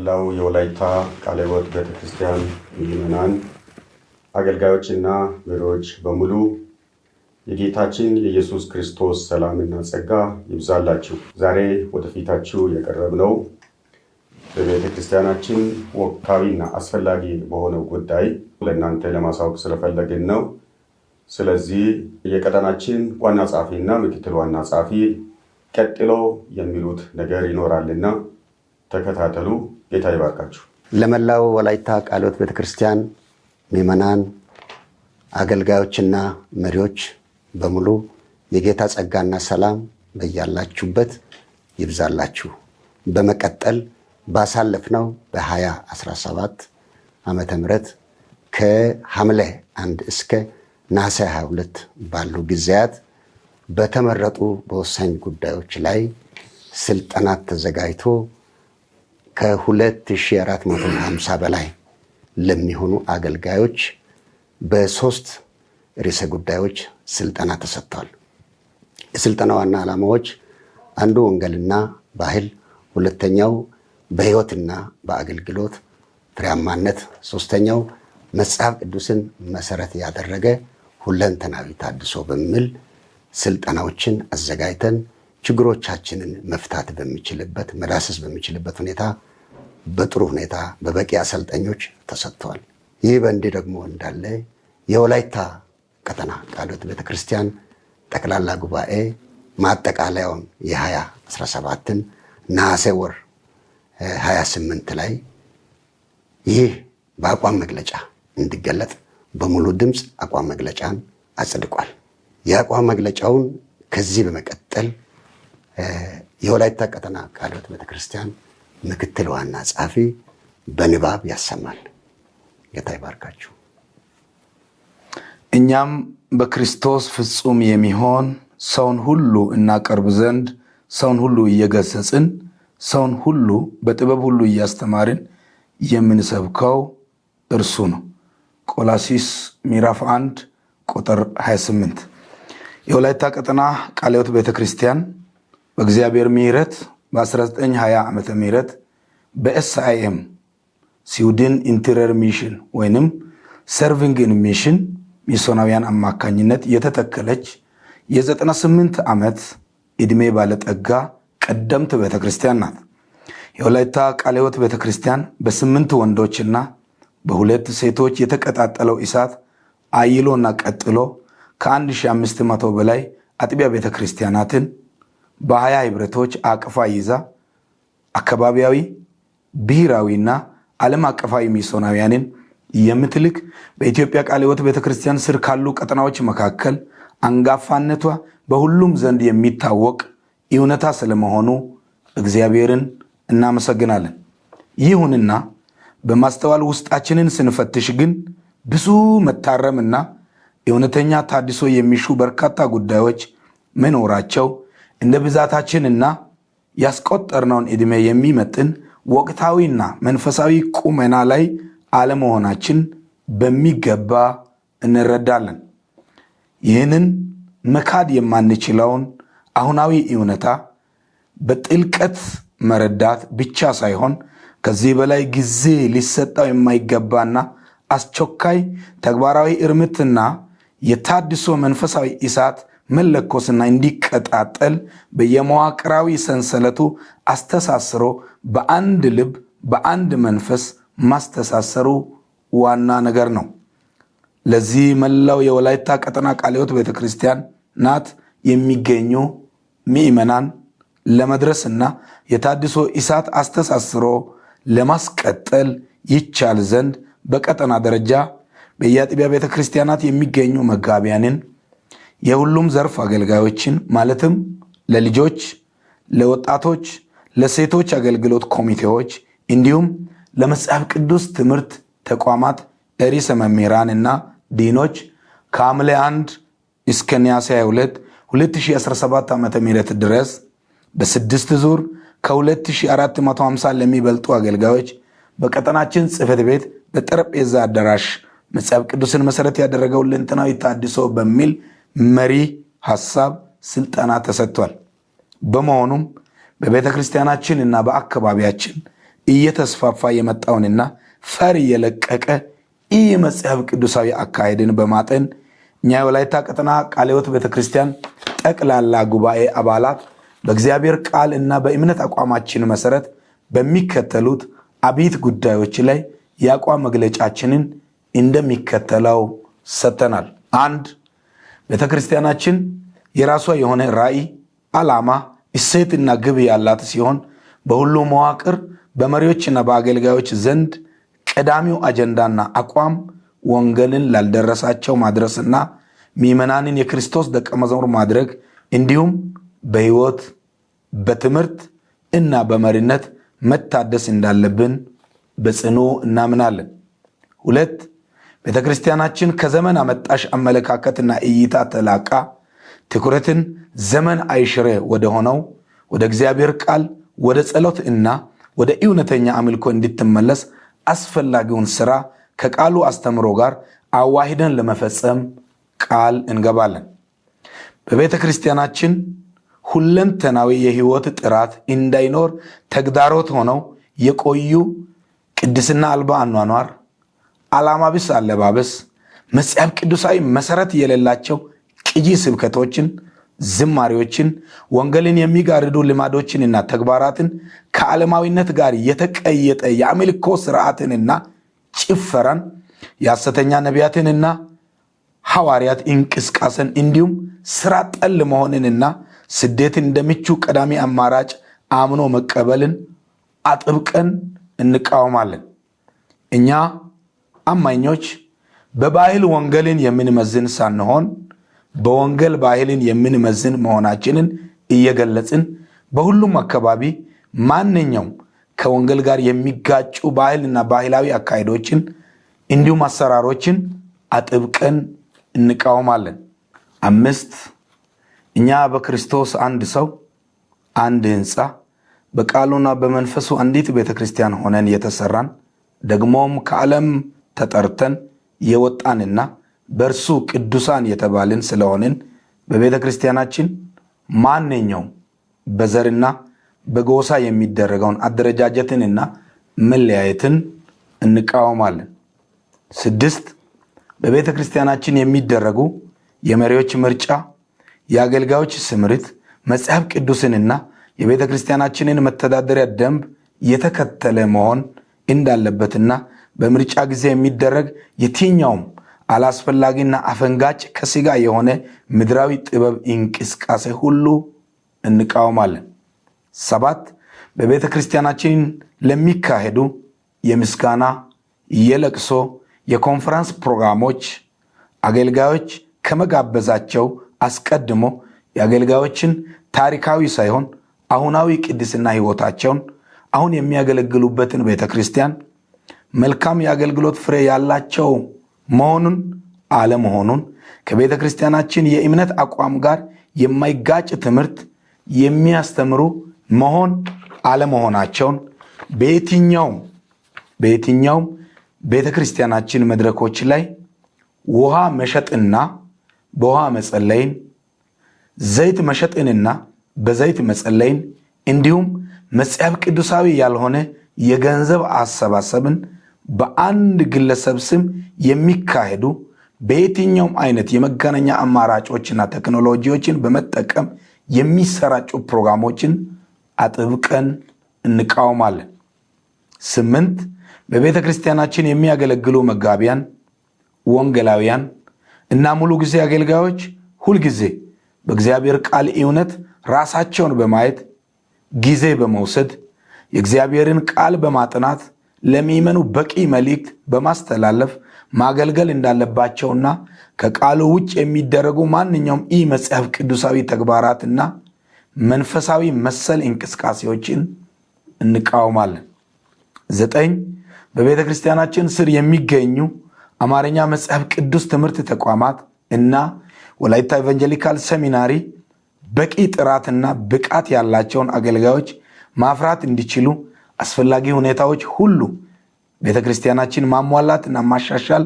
መላው የወላይታ ቃለ ሕይወት ቤተክርስቲያን ምዕመናን፣ አገልጋዮችና መሪዎች በሙሉ የጌታችን የኢየሱስ ክርስቶስ ሰላምና ጸጋ ይብዛላችሁ። ዛሬ ወደፊታችሁ የቀረብነው በቤተ ክርስቲያናችን ወቅታዊና አስፈላጊ በሆነው ጉዳይ ለእናንተ ለማሳወቅ ስለፈለግን ነው። ስለዚህ የቀጠናችን ዋና ጸሐፊና ምክትል ዋና ጸሐፊ ቀጥሎ የሚሉት ነገር ይኖራልና ተከታተሉ። ጌታ ይባርካችሁ። ለመላው ወላይታ ቃልዮት ቤተክርስቲያን ምዕመናን፣ አገልጋዮችና መሪዎች በሙሉ የጌታ ጸጋና ሰላም በያላችሁበት ይብዛላችሁ። በመቀጠል ባሳለፍነው በ2017 ዓመተ ምህረት ከሐምሌ አንድ እስከ ነሐሴ 22 ባሉ ጊዜያት በተመረጡ በወሳኝ ጉዳዮች ላይ ስልጠናት ተዘጋጅቶ ከ2450 በላይ ለሚሆኑ አገልጋዮች በሶስት ርዕሰ ጉዳዮች ስልጠና ተሰጥቷል። የስልጠና ዋና ዓላማዎች አንዱ ወንጌልና ባህል፣ ሁለተኛው በህይወትና በአገልግሎት ፍሬያማነት፣ ሶስተኛው መጽሐፍ ቅዱስን መሰረት ያደረገ ሁለንተናዊ ታድሶ በሚል ስልጠናዎችን አዘጋጅተን ችግሮቻችንን መፍታት በሚችልበት መዳሰስ በሚችልበት ሁኔታ በጥሩ ሁኔታ በበቂ አሰልጠኞች ተሰጥተዋል። ይህ በእንዲህ ደግሞ እንዳለ የወላይታ ቀጠና ቃልዮት ቤተክርስቲያን ጠቅላላ ጉባኤ ማጠቃለያውን የ2017ን ነሐሴ ወር 28 ላይ ይህ በአቋም መግለጫ እንዲገለጥ በሙሉ ድምፅ አቋም መግለጫን አጽድቋል። የአቋም መግለጫውን ከዚህ በመቀጠል የወላይታ ቀጠና ቃልዮት ቤተክርስቲያን ምክትል ዋና ጸሐፊ በንባብ ያሰማል። ጌታ ይባርካችሁ። እኛም በክርስቶስ ፍጹም የሚሆን ሰውን ሁሉ እናቀርብ ዘንድ ሰውን ሁሉ እየገሰጽን ሰውን ሁሉ በጥበብ ሁሉ እያስተማርን የምንሰብከው እርሱ ነው። ቆላሲስ ምዕራፍ 1 ቁጥር 28። የወላይታ ቀጠና ቃለ ሕይወት በእግዚአብሔር ምሕረት በ1920 ዓ ም በኤስአይኤም ስዊድን ኢንቴሪየር ሚሽን ወይንም ሰርቪንግን ሚሽን ሚስዮናውያን አማካኝነት የተተከለች የ98 ዓመት ዕድሜ ባለጠጋ ቀደምት ቤተክርስቲያን ናት። የወላይታ ቃለ ሕይወት ቤተክርስቲያን በስምንት ወንዶችና በሁለት ሴቶች የተቀጣጠለው እሳት አይሎና ቀጥሎ ከ1500 በላይ አጥቢያ ቤተክርስቲያናትን በሀያ ህብረቶች አቅፋ ይዛ አካባቢያዊ ብሔራዊና ዓለም አቀፋዊ ሚስዮናውያንን የምትልክ በኢትዮጵያ ቃለ ሕይወት ቤተክርስቲያን ስር ካሉ ቀጠናዎች መካከል አንጋፋነቷ በሁሉም ዘንድ የሚታወቅ እውነታ ስለመሆኑ እግዚአብሔርን እናመሰግናለን። ይሁንና በማስተዋል ውስጣችንን ስንፈትሽ ግን ብዙ መታረምና እውነተኛ ታድሶ የሚሹ በርካታ ጉዳዮች መኖራቸው እንደ ብዛታችንና ያስቆጠርነውን ዕድሜ የሚመጥን ወቅታዊና መንፈሳዊ ቁመና ላይ አለመሆናችን በሚገባ እንረዳለን። ይህንን መካድ የማንችለውን አሁናዊ እውነታ በጥልቀት መረዳት ብቻ ሳይሆን ከዚህ በላይ ጊዜ ሊሰጠው የማይገባና አስቸኳይ ተግባራዊ እርምትና የታድሶ መንፈሳዊ እሳት መለኮስና እንዲቀጣጠል በየመዋቅራዊ ሰንሰለቱ አስተሳስሮ በአንድ ልብ በአንድ መንፈስ ማስተሳሰሩ ዋና ነገር ነው። ለዚህ መላው የወላይታ ቀጠና ቃለ ሕይወት ቤተ ክርስቲያን ናት የሚገኙ ምዕመናን ለመድረስና የታድሶ እሳት አስተሳስሮ ለማስቀጠል ይቻል ዘንድ በቀጠና ደረጃ በየአጥቢያ ቤተ ክርስቲያናት የሚገኙ መጋቢያንን የሁሉም ዘርፍ አገልጋዮችን ማለትም ለልጆች፣ ለወጣቶች፣ ለሴቶች አገልግሎት ኮሚቴዎች እንዲሁም ለመጽሐፍ ቅዱስ ትምህርት ተቋማት ርዕሰ እና ዲኖች ከሐምሌ 1 እስከ ነሐሴ 22 2017 ዓ ም ድረስ በስድስት ዙር ከ2450 ለሚበልጡ አገልጋዮች በቀጠናችን ጽህፈት ቤት በጠረጴዛ አዳራሽ መጽሐፍ ቅዱስን መሰረት ያደረገው ሁለንተናዊ ተሐድሶ በሚል መሪ ሀሳብ፣ ስልጠና ተሰጥቷል። በመሆኑም በቤተ ክርስቲያናችን እና በአካባቢያችን እየተስፋፋ የመጣውንና ፈር የለቀቀ ይህ መጽሐፍ ቅዱሳዊ አካሄድን በማጠን እኛ የወላይታ ቀጠና ቃለ ሕይወት ቤተ ክርስቲያን ጠቅላላ ጉባኤ አባላት በእግዚአብሔር ቃል እና በእምነት አቋማችን መሰረት በሚከተሉት አብይት ጉዳዮች ላይ የአቋም መግለጫችንን እንደሚከተለው ሰጥተናል። አንድ ቤተ ክርስቲያናችን የራሷ የሆነ ራዕይ፣ ዓላማ፣ እሴትና ግብ ያላት ሲሆን በሁሉ መዋቅር በመሪዎችና በአገልጋዮች ዘንድ ቀዳሚው አጀንዳና አቋም ወንጌልን ላልደረሳቸው ማድረስና ምዕመናንን የክርስቶስ ደቀ መዝሙር ማድረግ እንዲሁም በሕይወት በትምህርት እና በመሪነት መታደስ እንዳለብን በጽኑ እናምናለን። ሁለት ቤተ ክርስቲያናችን ከዘመን አመጣሽ አመለካከትና እይታ ተላቃ ትኩረትን ዘመን አይሽሬ ወደሆነው ወደ እግዚአብሔር ቃል ወደ ጸሎት እና ወደ እውነተኛ አምልኮ እንድትመለስ አስፈላጊውን ስራ ከቃሉ አስተምሮ ጋር አዋሂደን ለመፈጸም ቃል እንገባለን። በቤተ ክርስቲያናችን ሁለንተናዊ የህይወት ጥራት እንዳይኖር ተግዳሮት ሆነው የቆዩ ቅድስና አልባ አኗኗር ዓላማ ቢስ አለባበስ፣ መጽሐፍ ቅዱሳዊ መሰረት የሌላቸው ቅጂ ስብከቶችን፣ ዝማሬዎችን፣ ወንጌልን የሚጋርዱ ልማዶችንና ተግባራትን ከዓለማዊነት ጋር የተቀየጠ የአምልኮ ስርዓትንና ጭፈራን፣ የሐሰተኛ ነቢያትንና ሐዋርያት እንቅስቃሴን እንዲሁም ስራ ጠል መሆንንና ስደትን እንደምቹ ቀዳሚ አማራጭ አምኖ መቀበልን አጥብቀን እንቃወማለን። እኛ አማኞች በባህል ወንጌልን የምንመዝን ሳንሆን በወንጌል ባህልን የምንመዝን መሆናችንን እየገለጽን በሁሉም አካባቢ ማንኛውም ከወንጌል ጋር የሚጋጩ ባህልና ባህላዊ አካሄዶችን እንዲሁም አሰራሮችን አጥብቀን እንቃወማለን። አምስት እኛ በክርስቶስ አንድ ሰው አንድ ህንፃ በቃሉና በመንፈሱ አንዲት ቤተ ክርስቲያን ሆነን የተሰራን ደግሞም ከዓለም ተጠርተን የወጣንና በእርሱ ቅዱሳን የተባልን ስለሆንን በቤተ ክርስቲያናችን ማንኛውም በዘርና በጎሳ የሚደረገውን አደረጃጀትንና መለያየትን እንቃወማለን። ስድስት በቤተ ክርስቲያናችን የሚደረጉ የመሪዎች ምርጫ፣ የአገልጋዮች ስምሪት መጽሐፍ ቅዱስንና የቤተ ክርስቲያናችንን መተዳደሪያ ደንብ የተከተለ መሆን እንዳለበትና በምርጫ ጊዜ የሚደረግ የትኛውም አላስፈላጊና አፈንጋጭ ከስጋ የሆነ ምድራዊ ጥበብ እንቅስቃሴ ሁሉ እንቃወማለን። ሰባት በቤተ ክርስቲያናችን ለሚካሄዱ የምስጋና፣ የለቅሶ፣ የኮንፈረንስ ፕሮግራሞች አገልጋዮች ከመጋበዛቸው አስቀድሞ የአገልጋዮችን ታሪካዊ ሳይሆን አሁናዊ ቅድስና ሕይወታቸውን አሁን የሚያገለግሉበትን ቤተ ክርስቲያን መልካም የአገልግሎት ፍሬ ያላቸው መሆኑን አለመሆኑን ከቤተ ክርስቲያናችን የእምነት አቋም ጋር የማይጋጭ ትምህርት የሚያስተምሩ መሆን አለመሆናቸውን በየትኛውም በየትኛውም ቤተ ክርስቲያናችን መድረኮች ላይ ውሃ መሸጥና በውሃ መጸለይን፣ ዘይት መሸጥንና በዘይት መጸለይን እንዲሁም መጽሐፍ ቅዱሳዊ ያልሆነ የገንዘብ አሰባሰብን በአንድ ግለሰብ ስም የሚካሄዱ በየትኛውም አይነት የመገናኛ አማራጮችና ቴክኖሎጂዎችን በመጠቀም የሚሰራጩ ፕሮግራሞችን አጥብቀን እንቃወማለን። ስምንት በቤተ ክርስቲያናችን የሚያገለግሉ መጋቢያን፣ ወንጌላውያን እና ሙሉ ጊዜ አገልጋዮች ሁልጊዜ በእግዚአብሔር ቃል እውነት ራሳቸውን በማየት ጊዜ በመውሰድ የእግዚአብሔርን ቃል በማጥናት ለሚመኑ በቂ መልእክት በማስተላለፍ ማገልገል እንዳለባቸውና ከቃሉ ውጭ የሚደረጉ ማንኛውም ኢ መጽሐፍ ቅዱሳዊ ተግባራትና መንፈሳዊ መሰል እንቅስቃሴዎችን እንቃወማለን። ዘጠኝ በቤተ ክርስቲያናችን ስር የሚገኙ አማርኛ መጽሐፍ ቅዱስ ትምህርት ተቋማት እና ወላይታ ኤቫንጀሊካል ሰሚናሪ በቂ ጥራትና ብቃት ያላቸውን አገልጋዮች ማፍራት እንዲችሉ አስፈላጊ ሁኔታዎች ሁሉ ቤተ ክርስቲያናችን እና ማሻሻል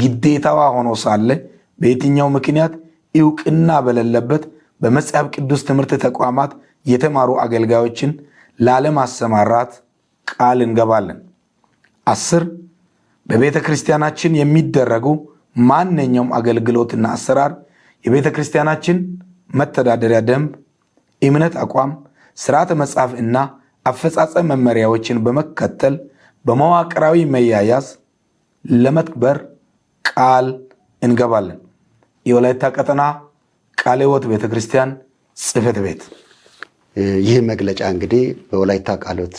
ግዴታዋ ሆኖ ሳለ በየትኛው ምክንያት እውቅና በሌለበት በመጽሐፍ ቅዱስ ትምህርት ተቋማት የተማሩ አገልጋዮችን ላለማሰማራት ቃል እንገባለን። አስር በቤተ ክርስቲያናችን የሚደረጉ ማንኛውም አገልግሎትና አሰራር የቤተ ክርስቲያናችን መተዳደሪያ ደንብ፣ እምነት፣ አቋም፣ ስርዓተ መጽሐፍ እና አፈጻጸም መመሪያዎችን በመከተል በመዋቅራዊ መያያዝ ለመትክበር ቃል እንገባለን። የወላይታ ቀጠና ቃለ ሕይወት ቤተ ጽሕፈት ቤት። ይህ መግለጫ እንግዲህ በወላይታ ቃለ ሕይወት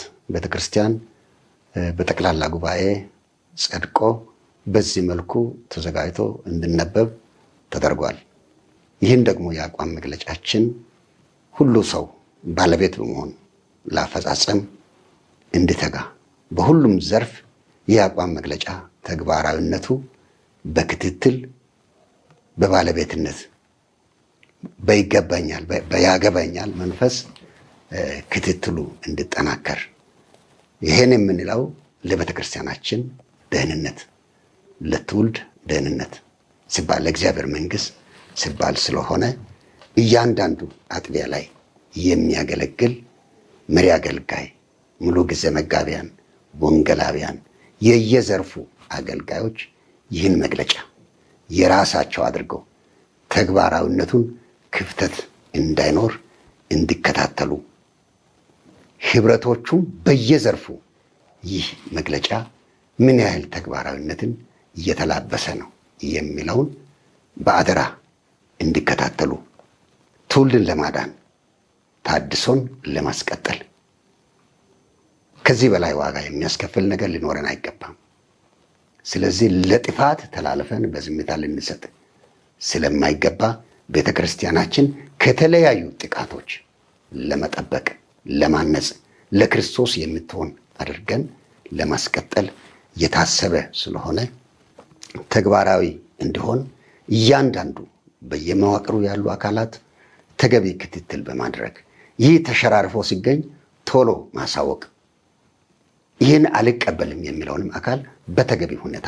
በጠቅላላ ጉባኤ ጸድቆ በዚህ መልኩ ተዘጋጅቶ እንዲነበብ ተደርጓል። ይህን ደግሞ የአቋም መግለጫችን ሁሉ ሰው ባለቤት በመሆን ለአፈጻጸም እንድተጋ በሁሉም ዘርፍ የአቋም መግለጫ ተግባራዊነቱ በክትትል በባለቤትነት በይገባኛል በያገባኛል መንፈስ ክትትሉ እንድጠናከር ይሄን የምንለው ለቤተ ክርስቲያናችን ደህንነት፣ ለትውልድ ደህንነት ሲባል ለእግዚአብሔር መንግስት ሲባል ስለሆነ እያንዳንዱ አጥቢያ ላይ የሚያገለግል መሪ አገልጋይ፣ ሙሉ ጊዜ መጋቢያን፣ ወንገላቢያን የየዘርፉ አገልጋዮች ይህን መግለጫ የራሳቸው አድርገው ተግባራዊነቱን ክፍተት እንዳይኖር እንዲከታተሉ ህብረቶቹም በየዘርፉ ይህ መግለጫ ምን ያህል ተግባራዊነትን እየተላበሰ ነው የሚለውን በአደራ እንዲከታተሉ ትውልድን ለማዳን ታድሶን ለማስቀጠል ከዚህ በላይ ዋጋ የሚያስከፍል ነገር ሊኖረን አይገባም። ስለዚህ ለጥፋት ተላልፈን በዝምታ ልንሰጥ ስለማይገባ ቤተ ክርስቲያናችን ከተለያዩ ጥቃቶች ለመጠበቅ፣ ለማነጽ፣ ለክርስቶስ የምትሆን አድርገን ለማስቀጠል የታሰበ ስለሆነ ተግባራዊ እንዲሆን እያንዳንዱ በየመዋቅሩ ያሉ አካላት ተገቢ ክትትል በማድረግ ይህ ተሸራርፎ ሲገኝ ቶሎ ማሳወቅ፣ ይህን አልቀበልም የሚለውንም አካል በተገቢ ሁኔታ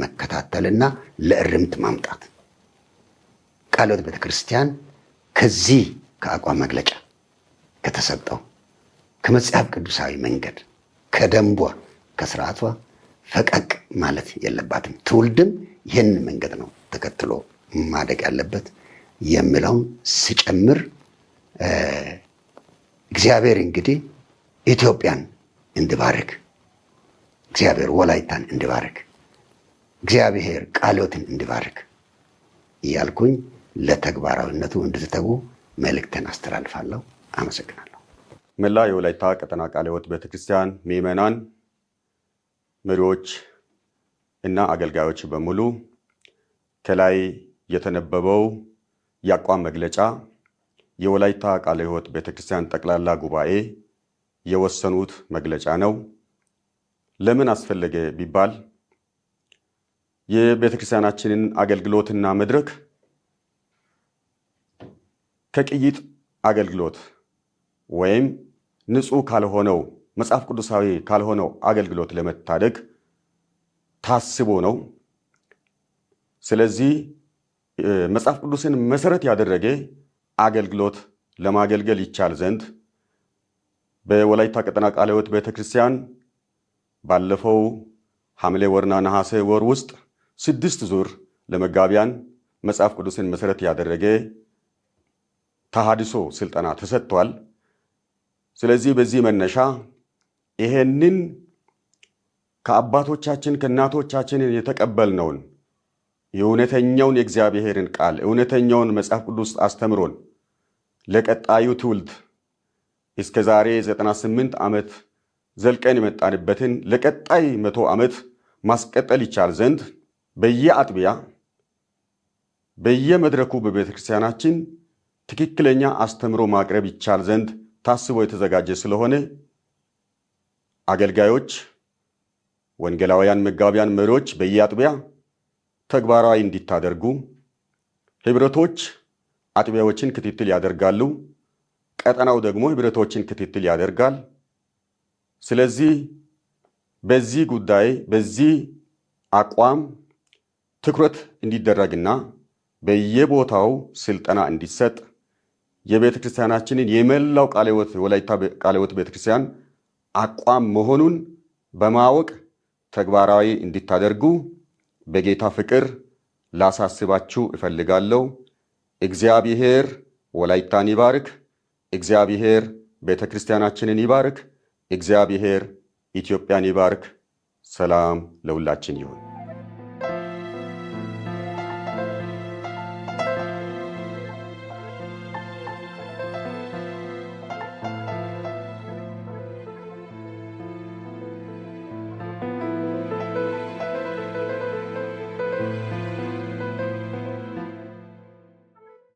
መከታተልና ለእርምት ማምጣት። ቃልዮት ቤተክርስቲያን ከዚህ ከአቋም መግለጫ ከተሰጠው ከመጽሐፍ ቅዱሳዊ መንገድ ከደንቧ ከስርዓቷ ፈቀቅ ማለት የለባትም። ትውልድም ይህንን መንገድ ነው ተከትሎ ማደግ ያለበት የሚለውን ስጨምር እግዚአብሔር እንግዲህ ኢትዮጵያን እንድባርክ፣ እግዚአብሔር ወላይታን እንድባርክ፣ እግዚአብሔር ቃሎትን እንድባርክ እያልኩኝ ለተግባራዊነቱ እንድትተጉ መልእክትን አስተላልፋለሁ። አመሰግናለሁ። መላ የወላይታ ቀጠና ቃለ ሕይወት ቤተክርስቲያን ምዕመናን፣ መሪዎች እና አገልጋዮች በሙሉ ከላይ የተነበበው የአቋም መግለጫ የወላይታ ቃለ ሕይወት ቤተ ክርስቲያን ጠቅላላ ጉባኤ የወሰኑት መግለጫ ነው። ለምን አስፈለገ ቢባል የቤተ ክርስቲያናችንን አገልግሎትና መድረክ ከቅይጥ አገልግሎት ወይም ንጹሕ ካልሆነው መጽሐፍ ቅዱሳዊ ካልሆነው አገልግሎት ለመታደግ ታስቦ ነው። ስለዚህ መጽሐፍ ቅዱስን መሰረት ያደረገ አገልግሎት ለማገልገል ይቻል ዘንድ በወላይታ ቀጠና ቃለ ሕይወት ቤተ ክርስቲያን ባለፈው ሐምሌ ወርና ነሐሴ ወር ውስጥ ስድስት ዙር ለመጋቢያን መጽሐፍ ቅዱስን መሠረት ያደረገ ተሃድሶ ስልጠና ተሰጥቷል። ስለዚህ በዚህ መነሻ ይሄንን ከአባቶቻችን ከእናቶቻችን የተቀበልነውን የእውነተኛውን የእግዚአብሔርን ቃል እውነተኛውን መጽሐፍ ቅዱስ አስተምሮን ለቀጣዩ ትውልድ እስከ ዛሬ 98 ዓመት ዘልቀን የመጣንበትን ለቀጣይ መቶ ዓመት ማስቀጠል ይቻል ዘንድ በየአጥቢያ በየመድረኩ በቤተ ክርስቲያናችን ትክክለኛ አስተምሮ ማቅረብ ይቻል ዘንድ ታስቦ የተዘጋጀ ስለሆነ አገልጋዮች፣ ወንጌላውያን፣ መጋቢያን፣ መሪዎች በየአጥቢያ ተግባራዊ እንዲታደርጉ ህብረቶች አጥቢያዎችን ክትትል ያደርጋሉ፣ ቀጠናው ደግሞ ህብረቶችን ክትትል ያደርጋል። ስለዚህ በዚህ ጉዳይ በዚህ አቋም ትኩረት እንዲደረግና በየቦታው ስልጠና እንዲሰጥ የቤተ ክርስቲያናችንን የመላው ቃለወት ወላይታ ቃለ ቤተ ክርስቲያን አቋም መሆኑን በማወቅ ተግባራዊ እንዲታደርጉ በጌታ ፍቅር ላሳስባችሁ እፈልጋለሁ። እግዚአብሔር ወላይታን ይባርክ። እግዚአብሔር ቤተ ክርስቲያናችንን ይባርክ። እግዚአብሔር ኢትዮጵያን ይባርክ። ሰላም ለሁላችን ይሁን።